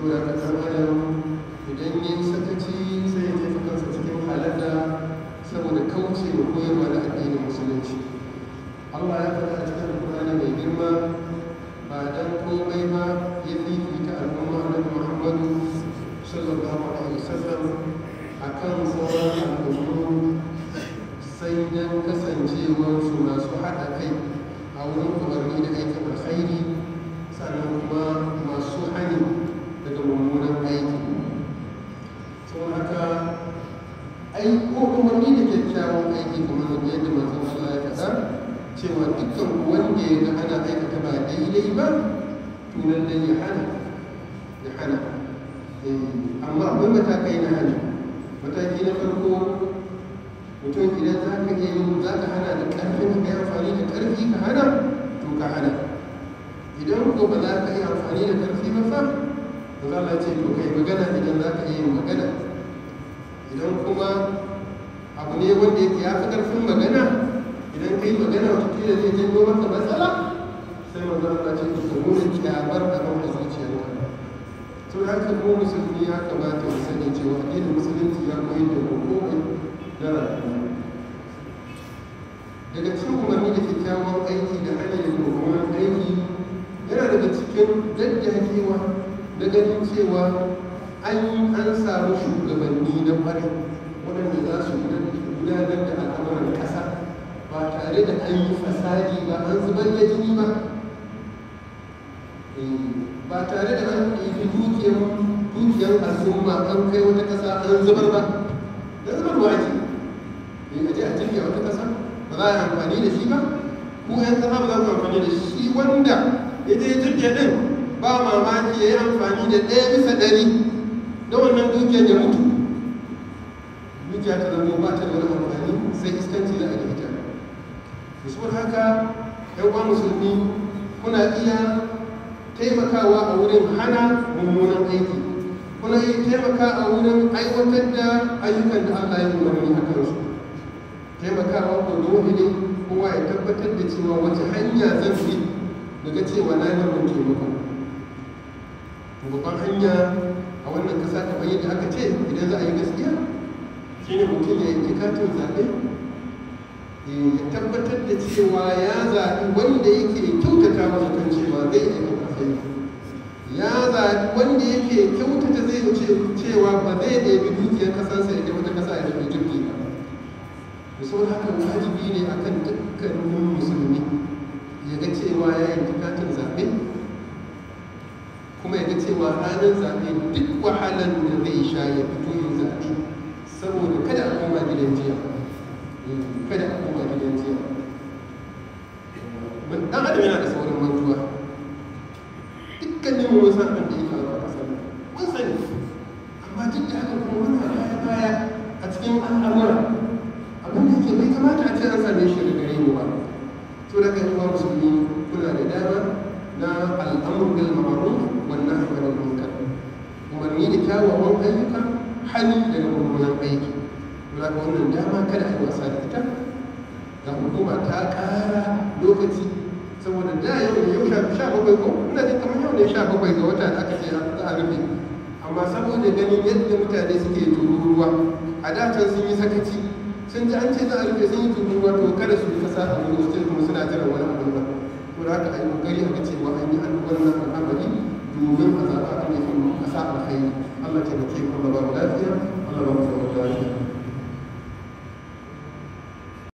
saboda haka ɗan adam idan ya yi sakaci sai ya jefa kansa cikin halaka saboda kauce wa koyarwa na addinin musulunci allah ya faɗa a cikin alƙur'ani mai girma ba dan komai ba ya fifita al'umma na muhammadu sallallahu alaihi wasallam a kan sauran al'ummu sai dan kasancewarsu masu haɗa kai a wurin umarni da aikin alkhairi cewa dukkan wanda ya ga ana aikata ba daidai ba tunan da ya hana ya hana eh, amma akwai matakai na hana mataki na farko mutum idan za ka iya yin za ka hana da ƙarfin ka yi amfani da ƙarfi ka hana to ka hana idan ko ba za ka yi amfani da ƙarfi ba fa ba za ka ce to yi magana idan za ka iya yin magana idan kuma abu ne wanda ya fi ƙarfin magana idan ka kai magana wata zai janyo mata matsala sai magana ta ce ta nuna kyamar abin da zuciyarka to ya ka mu musulmi ya kamata mu sani cewa addinin musulunci ya koyi da hukumai na rayuwa daga cikin umarni da kyakkyawan aiki da hanyar mummunan aiki yana daga cikin daddakewa na ganin cewa an an samu shugabanni na kwarai waɗanda za su gudanar da al'amuran ƙasa ba tare da an yi fasadi ba an zubar da jini ba eh, ba tare da an ɗauki dukiyar dukiyar al'umma an kai wata ƙasa an zubar ba da zubarwa ne bai eh, kaje a jirgin wata ƙasa ba za a yi amfani da shi ba ko yan ƙasa ba za su amfani da shi wanda ya je jirgin ɗin ba mamaki ya yi amfani da ɗaya bisa ɗari da wannan dukiyar ya mutu dukiya ta zama ba ta da wani amfani sai iskanci da a saboda haka yawan musulmi kuna iya taimakawa a wurin hana mummunan aiki kuna iya taimaka a wurin aiwatar da ayyukan da allah ya umarni a kansu taimakawa ko dole ne kowa ya tabbatar da cewa wace hanya zan fi daga cewa na yi wannan taimako babban hanya a wannan kasa ta yadda aka ce idan za a yi gaskiya shine mutum ya yi katin zaɓe ya eh, tabbatar da cewa ya zaɓi wanda yake kyautata masa kan cewa zai aiki alkhairi ya zaɓi wanda yake kyautata zai ce cewa ba zai da ɗebi dukiyar kasansa ya wata kasa ya tafi jirgi ba da sau haka wajibi ne a kan dukkanin musulmi ya ga cewa ya yi bukatar zaɓe kuma ya ga cewa ranar zaɓe duk wahalar da zai sha ya fito yin zaɓe saboda kada a koma gidan jiya kada a koma gidan jiya dan adam yana da saurin mantuwa dukkanin mu san abin da ya faru a kasar mun sani amma duk da haka kuma muna baya baya a cikin al'amura abin da yake bai kamata a ce an same shi da gare mu ba to da kan yawa musulmi kuna da dama na al'amur bil ma'ruf wan nahy anil munkar umarni da kyawawan ayyuka hani daga mummunan aiki ba ga wannan dama kada a wasa da ita ga hukuma ta kara lokaci saboda da yau ne yau sha bakwai ko ina da kamar yau ne sha bakwai ga wata da aka ce a rufe amma saboda ganin yadda mutane suke tururuwa a datan sun yi sakaci sun ji an ce za a rufe sun yi tururuwa to kada su yi kasa a wani wajen kuma suna jiran wani abu ba ko da haka a yi kokari a ce wa an yi an wannan al'amari domin a zaɓa a ne a sa alkhairi Allah ta da ke kuma ba mu lafiya Allah ba mu lafiya